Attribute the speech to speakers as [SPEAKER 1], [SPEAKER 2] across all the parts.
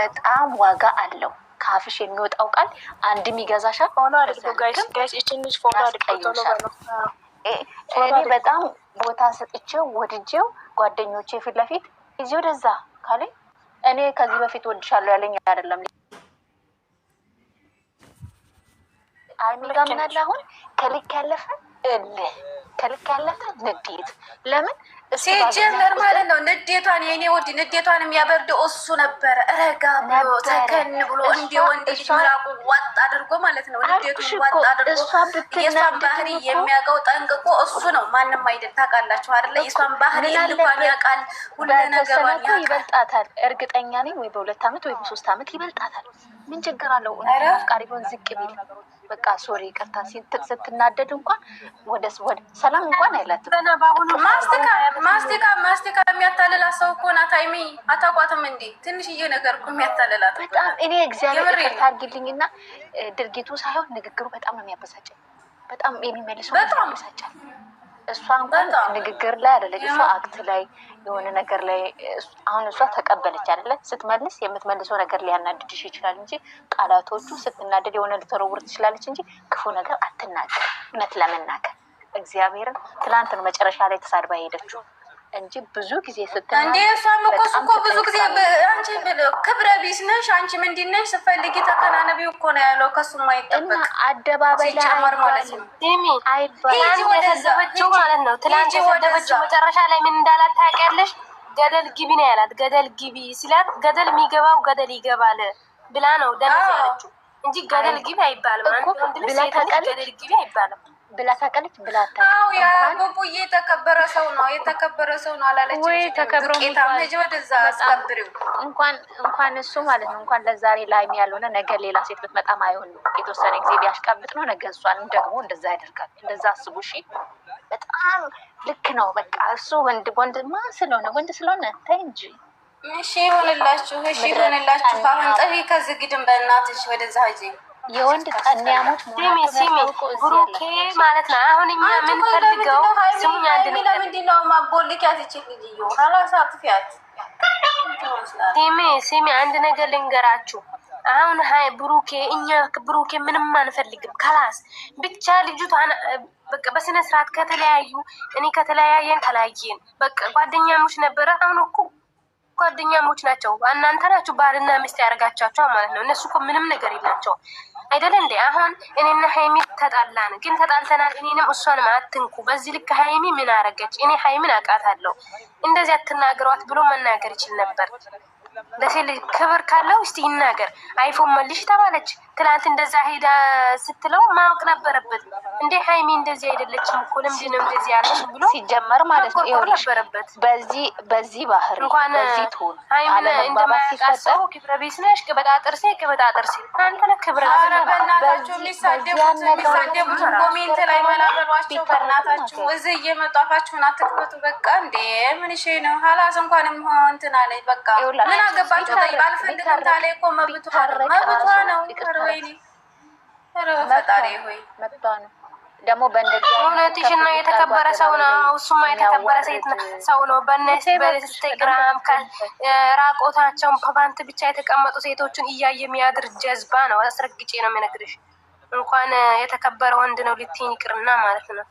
[SPEAKER 1] በጣም ዋጋ አለው። ከአፍሽ የሚወጣው ቃል አንድ አንድም ይገዛሻል። እኔ በጣም ቦታ ሰጥቼው ወድጄው ጓደኞቼ ፊት ለፊት እዚህ ወደዛ ካለኝ እኔ ከዚህ በፊት ወድሻለሁ ያለኝ አይደለም። አይሚጋ ምናለ አሁን ከልክ ያለፈ እልህ ከልክ ያለፈ ንዴት ለምን
[SPEAKER 2] ሲጀመር ማለት ነው። ንዴቷን የኔ ወድ ንዴቷን የሚያበርድ እሱ ነበረ። ረጋ ብሎ ተከን ብሎ እንዲ ወንድ ምራቁ ዋጥ አድርጎ ማለት ነው። ንዴቱ ዋጥ አድርጎ የእሷን ባህሪ የሚያውቀው ጠንቅቆ እሱ ነው። ማንም አይደል። ታውቃላችሁ አይደለ? የእሷን ባህሪ ልኳን ያውቃል።
[SPEAKER 1] ሁለ ነገሯ ይበልጣታል። እርግጠኛ ነኝ ወይ በሁለት አመት ወይ በሶስት አመት ይበልጣታል። ምን ችግር አለው? ቃሪቦን ዝቅ ቢል በቃ ሶሪ ይቅርታ ሲትል ስትናደድ እንኳን ወደ ሰላም እንኳን አይላትም።
[SPEAKER 2] ማስቲካ ማስቲካ የሚያታልላ ሰው እኮ ናት። ሀይሚ አታቋትም እንዴ? ትንሽዬ ነገር እኮ የሚያታልላት
[SPEAKER 1] በጣም እኔ እግዚአብሔር ይቅርታ አድርጊልኝና ድርጊቱ ሳይሆን ንግግሩ በጣም ነው የሚያበሳጨኝ። በጣም የሚመልሰው በጣም ያበሳጫል። እሷ እንኳን ንግግር ላይ አደለች። እሷ አክት ላይ የሆነ ነገር ላይ አሁን እሷ ተቀበለች አደለ? ስትመልስ የምትመልሰው ነገር ሊያናድድሽ ይችላል እንጂ ቃላቶቹ ስትናደድ የሆነ ልትወረውር ትችላለች እንጂ ክፉ ነገር አትናገር። እውነት ለመናገር እግዚአብሔርን ነው መጨረሻ ላይ ተሳድባ ሄደችው። እንጂ ብዙ ጊዜ ስትና
[SPEAKER 2] እንዴ እሷም እኮ እሱ እኮ ብዙ ጊዜ አንቺ ክብረ ቢስ ነሽ፣ አንቺ ምንድን ነሽ ስትፈልጊ ተከናነቢው እኮ ነው ያለው። ከሱ
[SPEAKER 1] ማይጠበቅ አደባባይ ላይ አይባልም። ወደዘበችው ማለት ነው። ትላንት የሰደበችው መጨረሻ ላይ ምን እንዳላት ታውቂያለሽ? ገደል ግቢ ነው ያላት። ገደል ግቢ ሲላት ገደል የሚገባው ገደል ይገባል ብላ ነው ደ ያለችው እንጂ ገደል ግቢ አይባልም። አንድ ወንድ ልጅ ገደል ግቢ አይባልም። ብላ ታውቃለች
[SPEAKER 2] ብላ ታውቃለች። የተከበረ ሰው ነው የተከበረ ሰው ነው አላለች ወይ? ተከብሮ ወደዛ አስከብሪው።
[SPEAKER 1] እንኳን እንኳን እሱ ማለት ነው እንኳን ለዛሬ ላይ ያልሆነ ነገ ሌላ ሴት ብትመጣም አይሆን የተወሰነ ጊዜ ቢያሽቃብጥ ነው ነገ እሷንም ደግሞ እንደዛ ያደርጋል። እንደዛ አስቡ እሺ። በጣም ልክ ነው። በቃ እሱ ወንድ ወንድ ወንድማ ስለሆነ ወንድ ስለሆነ ተይ እንጂ
[SPEAKER 2] እሺ። ይሆንላችሁ፣ እሺ ይሆንላችሁ። አሁን ጥሪ ከዚህ ግድም በእናትሽ ወደዛ ሂጂ
[SPEAKER 1] የወንድ ጠንያሞች ብሩኬ ማለት ነው። አሁን እኛ የምንፈልገው
[SPEAKER 2] ስሙኝ፣ አንድ ነገር
[SPEAKER 1] ሲሚ ሲሚ አንድ ነገር ልንገራችሁ። አሁን ሀይ ብሩኬ፣ እኛ ብሩኬ ምንም አንፈልግም። ከላስ ብቻ ልጅቷን በቃ በስነ ስርዓት ከተለያዩ እኔ ከተለያየን ተለያየን። በቃ ጓደኛሞች ነበረ። አሁን እኮ ጓደኛሞች ናቸው። እናንተ ናችሁ ባልና ሚስት ያደርጋቻቸው ማለት ነው። እነሱ እኮ ምንም ነገር የላቸውም። አይደለ እንዴ? አሁን እኔና ሀይሚ ተጣላን፣ ግን ተጣልተናል። እኔንም እሷንም አትንኩ። በዚህ ልክ ሀይሚ ምን አረገች? እኔ ሀይሚን አውቃታለሁ። እንደዚህ አትናገሯት ብሎ መናገር ይችል ነበር። ለሴት ልጅ ክብር ካለው እስቲ ይናገር። አይፎን መልሽ ተባለች። ትላንት እንደዛ ሄዳ ስትለው ማወቅ ነበረበት እንዴ ሀይሚ እንደዚህ አይደለችም እኮ ለምንድን ነው እንደዚህ ያለች ብሎ
[SPEAKER 2] ሲጀመር ማለት ነው ነበረበት። በዚህ በዚህ ባህር እንኳን
[SPEAKER 1] ሀይሚ እንደማያቃሰው ክብረ ቤት ነሽ፣ ቅበጣጥርሴ ቅበጣጥርሴ አንተ ነህ ክብረ
[SPEAKER 2] በናቸው የሚሳደቡት የሚሳደቡት ኮሜንት ላይ መናበሏቸው በእናታችሁ እዚህ እየመጡ አፋችሁን አትክፈቱ። በቃ እንዴ ምን ሽ ነው ሀላስ እንኳን እንትን አለኝ በቃ ምን አገባችሁ አልፈልግም ታለ እኮ መብቷ ነው መብቷ ነው። ፈጣሪ ሆይ
[SPEAKER 1] መጥቷ ነው ደግሞ
[SPEAKER 2] ነው። የተከበረ ሰው ነው። የተከበረ ሰው ነው። በኢንስታግራም ፓንት ብቻ የተቀመጡ ሴቶችን እያየ የሚያድር ጀዝባ ነው። አስረግጬ ነው የምነግርሽ። እንኳን የተከበረ ወንድ ነው ልትይኝ ይቅርና ማለት ነው።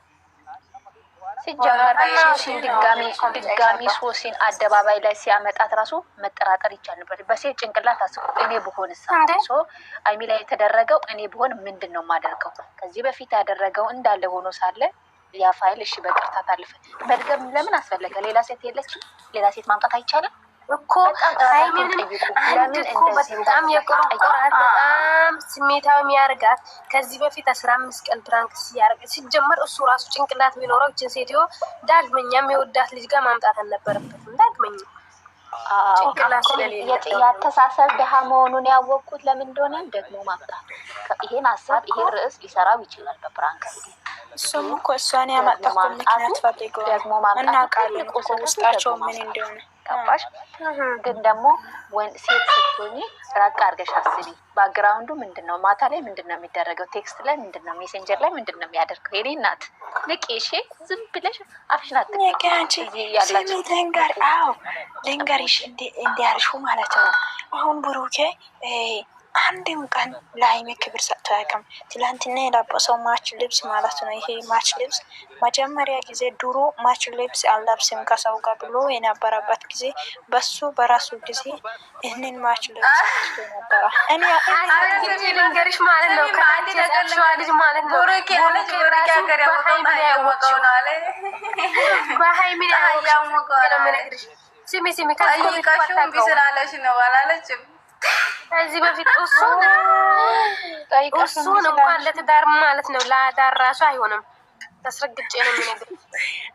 [SPEAKER 1] ሲጀመር ሶሲን ድጋሚ ድጋሚ ሶሲን አደባባይ ላይ ሲያመጣት ራሱ መጠራጠር ይቻል ነበር። በሴት ጭንቅላት አስቡ። እኔ ብሆን ሶ አይሚ ላይ የተደረገው እኔ ብሆን ምንድን ነው የማደርገው? ከዚህ በፊት ያደረገው እንዳለ ሆኖ ሳለ ያ ፋይል እሺ፣ በቅርታ ታልፈ መድገም ለምን አስፈለገ? ሌላ ሴት የለችም? ሌላ ሴት ማምጣት አይቻልም? እኮ ሀይሚንም አንድ እኮ በጣም የቆረቆራት በጣም ስሜታዊ የሚያደርጋት ከዚህ በፊት አስራ አምስት ቀን ፕራንክ ሲያደርግ ሲጀመር እሱ ራሱ ጭንቅላት የሚኖረው ይችን ሴትዮ ዳግመኛም የወዳት ልጅ ጋር ማምጣት አልነበረበትም። ዳግመኛ ያተሳሰብ ድሃ መሆኑን ያወቅኩት ለምን እንደሆነ ደግሞ ማምጣት ይሄን ሀሳብ ይሄን ርዕስ ሊሰራው ይችላል በፕራንክ
[SPEAKER 2] እሱም እኮ እሷን ያመጣኩ ምክንያት ፈልገዋል። እናውቃለን እኮ ውስጣቸው ምን እንደሆነ
[SPEAKER 1] ገባሽ? ግን ደግሞ ሴት ስትሆኚ ራቅ አድርገሽ አስቢ። ባግራውንዱ ምንድን ነው? ማታ ላይ ምንድን ነው የሚደረገው? ቴክስት ላይ ምንድን ነው? ሜሴንጀር ላይ ምንድን ነው የሚያደርገው? የኔ እናት ንቅ ሼ ዝም ብለሽ አፍሽን
[SPEAKER 2] አትንጋር ልንገርሽ እንዲያልሹ ማለት ነው አሁን ብሩኬ አንድም ቀን ለሀይሜ ክብር ሰጥቶ አያውቅም። ትላንትና የለበሰው ማች ልብስ ማለት ነው። ይሄ ማች ልብስ መጀመሪያ ጊዜ ድሮ ማች ልብስ አልለብስም ከሰው ጋር ብሎ የነበረበት ጊዜ በሱ በራሱ ጊዜ ይህንን ማች ልብስ ነበረ።
[SPEAKER 1] ልንገርሽ ማለት ነው ከአንድ ነው አላለችም ከዚህ በፊት እሱ እሱን እንኳን ለትዳር ማለት ነው ለአዳር ራሱ አይሆንም። አስረግጬ ነው የሚነግርሽ።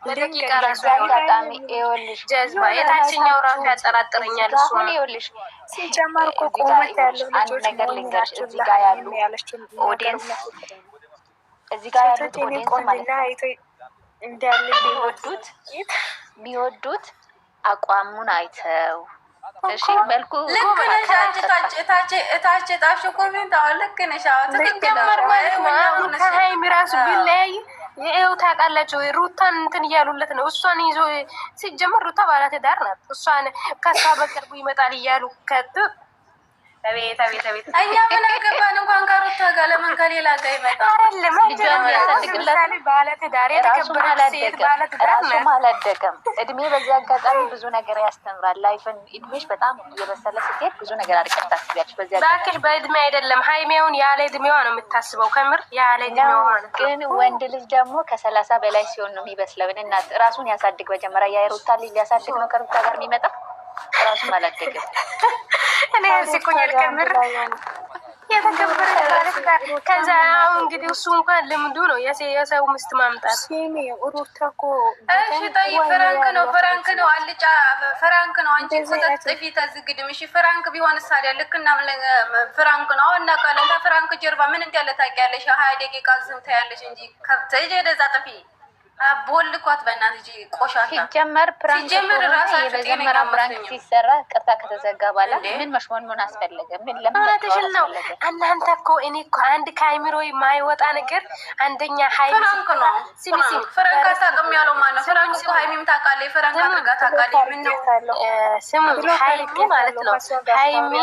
[SPEAKER 1] ለደቂቃ ራሱ
[SPEAKER 2] አጋጣሚ ይኸውልሽ፣
[SPEAKER 1] ጀዝባ የታችኛው ራሱ ያጠራጥረኛል። እሱ
[SPEAKER 2] ይኸውልሽ፣ ሲጀመር እኮ
[SPEAKER 1] ቆመት ያለው አንድ ነገር ልንገርሽ፣ እዚህ ጋር ያሉ ኦዲየንስ እዚህ ጋር ያሉት ኦዲየንስ ማለት ነው ቢወዱት ቢወዱት አቋሙን አይተው እሺ መልኩ
[SPEAKER 2] ልክ ነሽ። አንቺ ታች ታች ኮሜንት አሁን ልክ ነሽ። አዎ ትክክል
[SPEAKER 1] ነው። ከሀይሚ ራሱ ቢለያይ ይኸው ታውቃላችሁ፣ ሩታን እንትን እያሉለት ነው። እሷን ይዞ ሲጀመር ሩታ ባለትዳር ናት። እሷን ከሷ በቅርቡ ይመጣል እያሉ ከት ቤት ቤት
[SPEAKER 2] እኛ ምን አገባን? እንኳን ከሩታ ጋር ለምን ከሌላ ጋር ይመጣል?
[SPEAKER 1] እራሱም አላደገም እድሜ። በዚህ አጋጣሚ ብዙ ነገር ያስተምራል። ላይፍን እድሜሽ በጣም እየበሰለ ስትሄድ ብዙ ነገር አድርገሽ ታስቢያለሽ።
[SPEAKER 2] በዚህ እባክሽ በእድሜ አይደለም ሀይሜውን ያለ እድሜዋ ነው የምታስበው። ከምር ያለ እድሜዋ
[SPEAKER 1] ግን ወንድ ልጅ ደግሞ ከሰላሳ በላይ ሲሆን ነው የሚበስለው። እና ራሱን ያሳድግ መጀመሪያ። የሩታ ልጅ ሊያሳድግ ነው ከሩታ ጋር የሚመጣው ራሱም አላደገም።
[SPEAKER 2] እኔ ያስቁኛል ከምር እሱ እንኳን ልምዱ ነው የሰው ምስት ማምጣት። እሺ ፍራንክ ነው ፍራንክ ቢሆን ሳዲያ ልክ ነው እና ካለ ጀርባ ምን እንዳለ ታውቂያለሽ። ሀያ ደቂቃ ዝም ታያለሽ እንጂ ከብት እጅ ወደዛ ጥፊ ቦልኳት በእናትህ ቆሻሻ።
[SPEAKER 1] ሲጀመር ፕራንክ ሲሰራ ቅርታ ከተዘጋ በኋላ ምን መሽሞንሞን አስፈለገ? ምን
[SPEAKER 2] ለምንሽል ነው? እናንተ እኮ እኔ እኮ አንድ ከአይምሮ የማይወጣ ነገር አንደኛ ነው። አታውቅም ያለው ሀይሚም ታውቃለች። አድርጋ ታውቃለች። ምን ነው
[SPEAKER 1] ስሙ ሀይሚ ማለት ነው ሀይሚ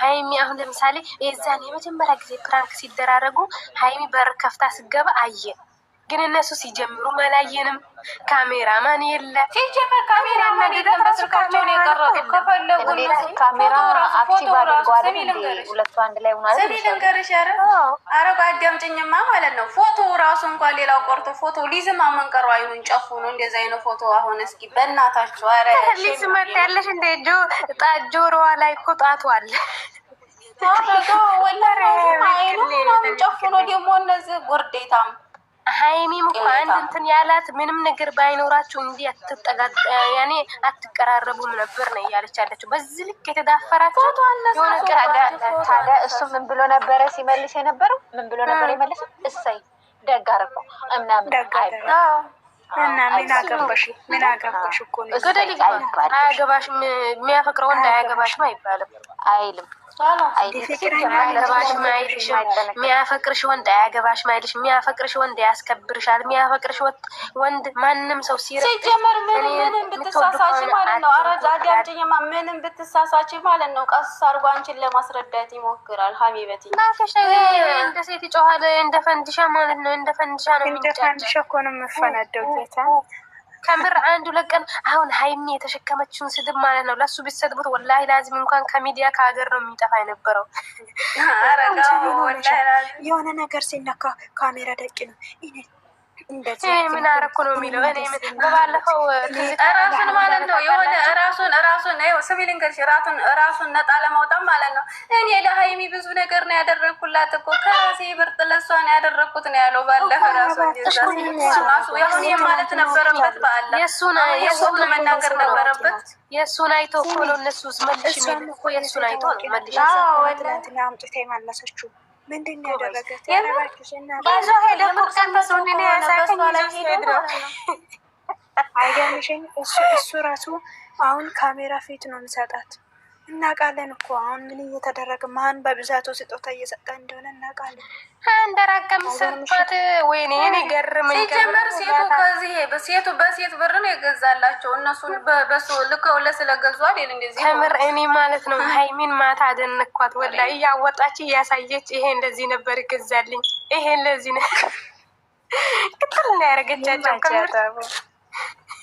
[SPEAKER 1] ሀይሚ አሁን ለምሳሌ የዛን የመጀመሪያ ጊዜ ፕራንክ ሲደራረጉ ሀይሚ በር ከፍታ ስገባ አየን ግን እነሱ ሲጀምሩ አላየንም። ካሜራማን የለ ሲጀመር ካሜራማን መግደል በስልካቸው ነው የቀረው። ከፈለጉ ካሜራ አክቲቭ አድርገው ሁለቱ አንድ ላይ ሆና ስሚ ልንገርሽ፣ ኧረ ኧረ አዳምጪኝማ ማለት ነው። ፎቶ ራሱ እንኳን ሌላው ቆርቶ ፎቶ ሊዝማ መንቀሩ ጨፉ ነው እንደዚህ አይነት ፎቶ አሁን እስኪ በእናታችሁ ኧረ ሊዝማ ያለሽ እንደ ጆ ጆሮዋ ላይ እኮ ጣቱ አለ ወላ አይኑ ምናምን ደግሞ እነዚህ ጎርዴታም ሀይሚም እኮ አንድ እንትን ያላት ምንም ነገር ባይኖራቸው እንዲ ያኔ አትቀራረቡም ነበር ነው እያለች ያለችው። በዚህ ልክ የተዳፈራቸው የሆነ ቅር እሱ ምን ብሎ ነበረ ሲመልስ የነበረው ምን ብሎ ነበር የመልስ እሰይ ደግ አደረገው ምናምን እና ምን አገባሽ ምን አገባሽ እኮ ነው ገደል አያገባሽም። የሚያፈቅረው እንዳያገባሽም አይባልም አይልም የሚያፈቅርሽ ወንድ አያገባሽ ማይልሽ፣ የሚያፈቅርሽ ወንድ ያስከብርሻል። የሚያፈቅርሽ ወንድ ማንም ሰው ሲረ ሲጀመር ምንም ብትሳሳች ማለት ነው። አረ አዳምጪኝማ፣ ምንም ብትሳሳች ማለት ነው። ቀስ አድርጎ አንቺን ለማስረዳት ይሞክራል። ሀቢበት እንደ ሴት ይጮኋል፣ እንደ ፈንድሻ ማለት ነው። እንደ ፈንድሻ ነው። እንደ ፈንድሻ እኮ ነው የምፈነደው ጌታ ከምር አንድ ሁለት ቀን አሁን ሀይሚ የተሸከመችውን ስድብ ማለት ነው ለሱ ቢሰድቡት ወላሂ ላዚም እንኳን ከሚዲያ ከሀገር ነው የሚጠፋ የነበረው። የሆነ ነገር ሲነካ ካሜራ ደቂ ነው። ምን አረኩ ነው የሚለው። በባለፈው ስሚ ልንገርሽ፣ ራሱን ራሱን ነጣ ለማውጣት ማለት ነው። እኔ ለሀይሚ ብዙ ነገር ነው ያደረግኩላት እኮ ከራሴ ብርጥ ለሷ ነው ያደረግኩት ነው ያለው። ባለፈ ራሱ ማለት ነበረበት በአላ የሱን መናገር ነበረበት። የእሱን አይቶ እኮ ነው እነሱ መልሽ እኮ የእሱን አይቶ መልሽ አምጥታ የማለሰችው ምንድን ያደረገ ያደረገት? ሄደ ቁርሰን በሱ ያሳይኝ ሄድ ነው አይገርምሽም? እሱ እሱ ራሱ አሁን ካሜራ ፊት ነው የሚሰጣት። እናውቃለን እኮ አሁን ምን እየተደረገ ማን በብዛቱ ስጦታ እየሰጠ እንደሆነ እናውቃለን። እንደራቀም ስንፈት ወይኔ ገርም ሲጀመር ሴቱ ከዚህ በሴቱ በሴት ብር ነው የገዛላቸው እነሱ በሱ ልክ ሁለት ስለገዙ አይደል እንደዚህ። ከምር እኔ ማለት ነው ሀይሚን ማታ አደንኳት። ወላ እያወጣች እያሳየች ይሄ እንደዚህ ነበር ይገዛልኝ ይሄ ለዚህ ነው ቅጥል ያረገቻቸው ከምር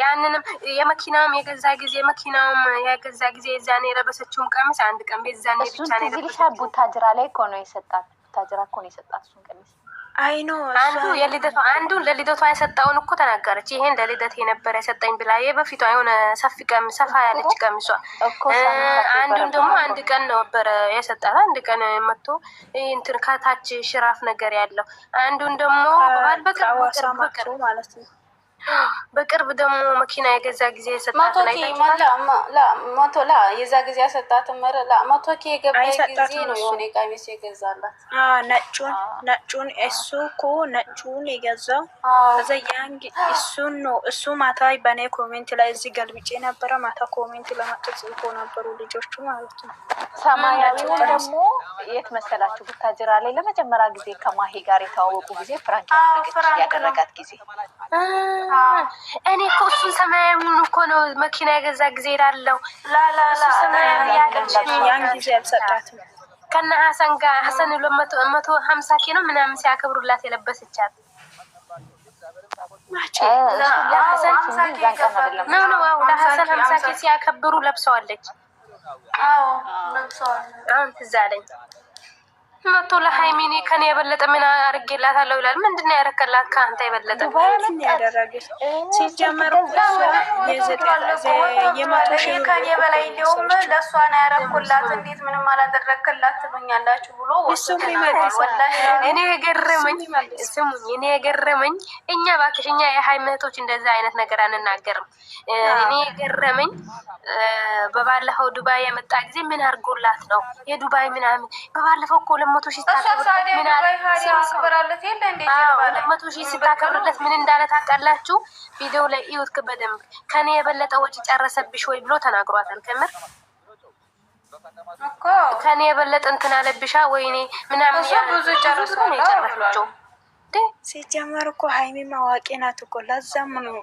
[SPEAKER 1] ያንንም የመኪናውም የገዛ ጊዜ መኪናውም የገዛ ጊዜ የዛኔ የለበሰችውም ቀሚስ አንድ ቀን ቤዛኔ ብቻ ቡታጅራ ላይ እኮ ነው የሰጣት። ቡታጅራ እኮ ነው የሰጣት እሱን ቀሚስ አይኖ አንዱ የልደቷ አንዱን ለልደቷ የሰጠውን እኮ ተናገረች። ይሄን ለልደት የነበረ የሰጠኝ ብላ በፊቷ የሆነ ሰፊ ቀሚ ሰፋ ያለች ቀሚሷ፣ አንዱን ደግሞ አንድ ቀን ነበረ የሰጣት። አንድ ቀን መጥቶ እንትን ከታች ሽራፍ ነገር ያለው አንዱን ደግሞ ባል ማለት ነው በቅርብ ደግሞ መኪና የገዛ ጊዜ የሰጣት የዛ ጊዜ ያሰጣት መረ መቶ ኬ የገባ ጊዜ ነው የሆነ ቀሚስ የገዛላት ነጩን ነጩን እሱ እኮ ነጩን የገዛው እዛ ያንግ እሱን ነው እሱ ማታ በኔ ኮሜንት ላይ እዚህ ገልብጬ ነበረ። ማታ ኮሜንት ለመጡ ጽፎ ነበሩ ልጆቹ ማለት ነው። ሰማያዊውን ደግሞ የት መሰላችሁ? ብታጅራ ላይ ለመጀመሪያ ጊዜ ከማሄ ጋር የተዋወቁ ጊዜ ፍራንክ ያደረጋት ጊዜ እኔ እኮ እሱን ሰማያዊውን እኮ ነው መኪና የገዛ ጊዜ ላለው ላላላ ከነ ሀሰን ጋር ሀሰን መቶ ሀምሳ ኪሎ ምናምን ሲያከብሩላት የለበሰቻት ነው ነው ው ለሀሰን ሀምሳ ኪ ሲያከብሩ ለብሰዋለች። አዎ ለብሰዋል። አሁን ትዝ አለኝ። መቶ ለሀይሚኔ ከኔ የበለጠ ምን አርጌላታለሁ ይላል። ምንድን ነው ያረከላት ከአንተ የበለጠ? ያደረገች ሲጀመር ከኔ በላይ እንዲሁም ለእሷ ነው ያረኩላት። እንዴት ምንም አላደረግክላት ትሉኛላችሁ ብሎ እኔ የገረመኝ ስሙኝ፣ እኔ የገረመኝ እኛ እባክሽ እኛ የሀይሚ እንደዚህ አይነት ነገር አንናገርም። እኔ የገረመኝ በባለፈው ዱባይ የመጣ ጊዜ ምን አድርጎላት ነው የዱባይ ምናምን በባለፈው እኮ መቶ ሺህ ሲታከብርለት ምን እንዳለ ታውቃላችሁ? ቪዲዮ ላይ እዩት በደንብ። ከኔ የበለጠ ወጪ ጨረሰብሽ ወይ ብሎ ተናግሯታል። ከምር ከኔ የበለጠ እንትን አለብሻ ወይኔ ምናምን ብዙ ጨረሱ ነው የጨረሰችው። ሲጀመር እኮ ሀይሚ ማዋቂ ናት እኮ ለዛም ነው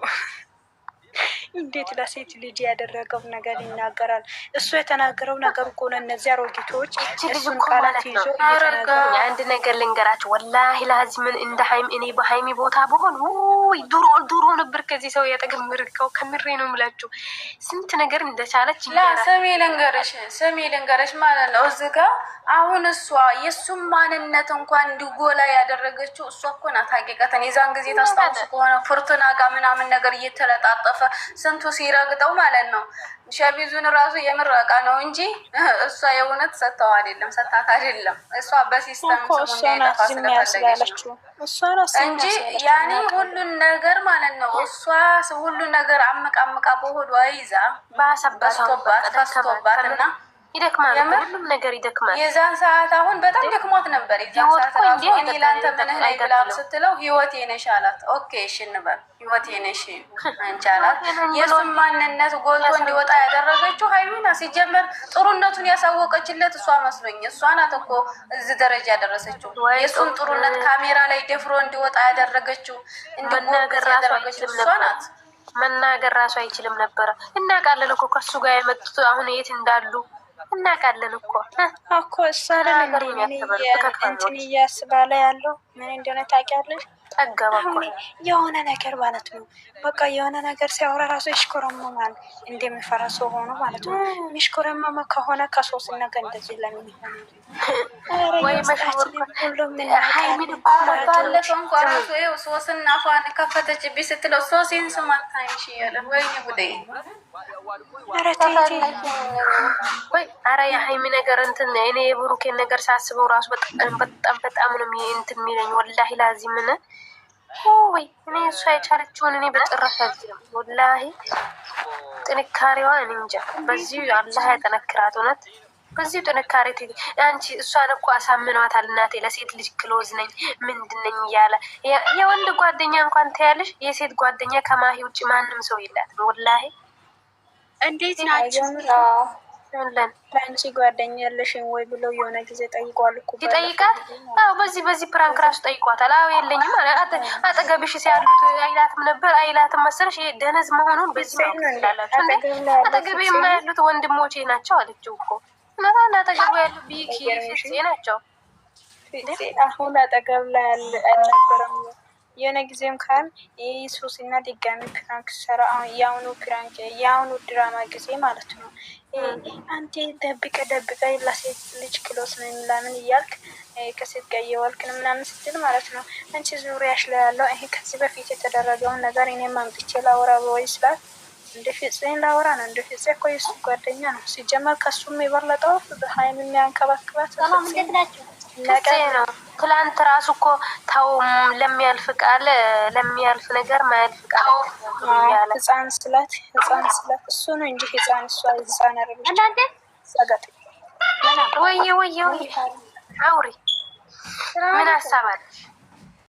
[SPEAKER 1] እንዴት ለሴት ልጅ ያደረገው ነገር ይናገራል? እሱ የተናገረው ነገር ከሆነ ነው። እነዚህ አሮጊቶች እሱን ቃላት ይዞ አንድ ነገር ልንገራቸው። ወላሂ ላዚምን እንደ ሀይም እኔ በሀይሚ ቦታ በሆን ዱሮ ዱሮ ነበር ከዚህ ሰው ያጠገብ ከምሬ ነው የምላችሁ። ስንት ነገር እንደቻለች ስሜ ልንገረሽ፣ ስሜ ልንገረሽ ማለት ነው እዚህ ጋ አሁን እሷ የእሱም ማንነት እንኳን እንዲጎላ ያደረገችው እሷ እኮ ናት። ሀቂቀትን የዛን ጊዜ ታስታውሱ ከሆነ ፍርቱና ጋር ምናምን ነገር እየተለጣጠፈ ስንቱ ሲረግጠው ማለት ነው። ሸሚዙን ራሱ የምረቃ ነው እንጂ እሷ የእውነት ሰጥተው አይደለም ሰታት አይደለም። እሷ በሲስተም እንጂ ያኔ ሁሉን ነገር ማለት ነው። እሷ ሁሉን ነገር አምቃ አምቃ በሆዷ ይዛ ባሰበስቶባት ፈስቶባት እና ይደክማል። ሁሉም ነገር ይደክማል። የዛን ሰዓት አሁን በጣም ደክሞት ነበር። የዛን ለአንተ ምንህ ብላም ስትለው ነሽ አላት። ኦኬ እሺ እንበል አንቺ አላት። የእሱን ማንነት ጎልቶ እንዲወጣ ያደረገችው ሀይሚና ሲጀመር ጥሩነቱን ያሳወቀችለት እሷ መስሎኝ እሷ ናት እኮ እዚህ ደረጃ ያደረሰችው። የእሱን ጥሩነት ካሜራ ላይ ደፍሮ እንዲወጣ ያደረገችው ያደረገችው እሷ ናት። መናገር ራሱ አይችልም ነበረ። እናውቃለን እኮ ከሱ ጋር የመጡት አሁን የት እንዳሉ እናውቃለን እኮ እኮ እሷ ነገር እንትን እያስባለ ያለው ምን እንደሆነ ታውቂያለሽ? ጠገበ የሆነ ነገር ማለት ነው። በቃ የሆነ ነገር ሲያወራ ራሱ ይሽኮረመማል እንደሚፈራ ሰው ሆኖ ማለት ነው። የሚሽኮረመመ ከሆነ ከሶስት ነገር እንደዚህ ለምን ኧረ የሀይሚ ነገር እንትን እኔ የብሩኬን ነገር ሳስበው ራሱ በጣም በጣም ነው እንትን የሚለኝ ወላሂ ላዚም ምን ወይ እኔ እሷ የቻለችውን እኔ በጭራሽ አልችልም። ወላሂ ጥንካሬዋ እኔ እንጃ። በዚሁ አላህ ያጠነክራት። እውነት በዚሁ ጥንካሬ አንቺ እሷን እኮ አሳምነዋታል። እናቴ ለሴት ልጅ ክሎዝ ነኝ ምንድነኝ እያለ የወንድ ጓደኛ እንኳን ተያለሽ፣ የሴት ጓደኛ ከማሂ ውጭ ማንም ሰው የላትም። ወላሂ እንዴት ናቸው ለአንቺ ጓደኛ ያለሽን ወይ ብለው የሆነ ጊዜ ጠይቋል እኮ ይጠይቃል። አዎ በዚህ በዚህ ፕራንክ ራሱ ጠይቋታል። አዎ የለኝም አጠገብሽ ሲያሉት አይላትም ነበር አይላትም መሰለሽ። ደነዝ መሆኑን በዚህ ላላቸው አጠገብ የማያሉት ወንድሞቼ ናቸው አለችው እኮ ምናምን አጠገቡ ያሉ ቢኪ ናቸው። አሁን አጠገብ ላይ አልነበረም የሆነ ጊዜም ካል ይህ ሶስና ድጋሚ ፕራንክ ሰራ። የአሁኑ ፕራንክ የአሁኑ ድራማ ጊዜ ማለት ነው። አንቴ ደብቀ ደብቀ ለሴት ልጅ ክሎስ ነው የሚላምን እያልክ ከሴት ጋር እየዋልክን ምናምን ስትል ማለት ነው። አንቺ ዙሪያሽ ላይ ያለው ይሄ ከዚህ በፊት የተደረገውን ነገር እኔ ማምጥቼ ላወራ ወይ ስላት እንደ ፍጽህን ላወራ ነው። እንደ ፍጽህ እኮ የሱ ጓደኛ ነው ሲጀመር ከሱም የበለጠው ሀይም የሚያንከባክባት ነው። ትላንት ራሱ እኮ ተው ለሚያልፍ ቃል ለሚያልፍ ነገር ማያልፍ ቃል ህፃን ስላት ህፃን ስላት እሱ ነው እንጂ ህፃን እሷ ህፃን አረብሽ ወየ ወየ ወየ አውሪ ምን ሀሳብ አለሽ?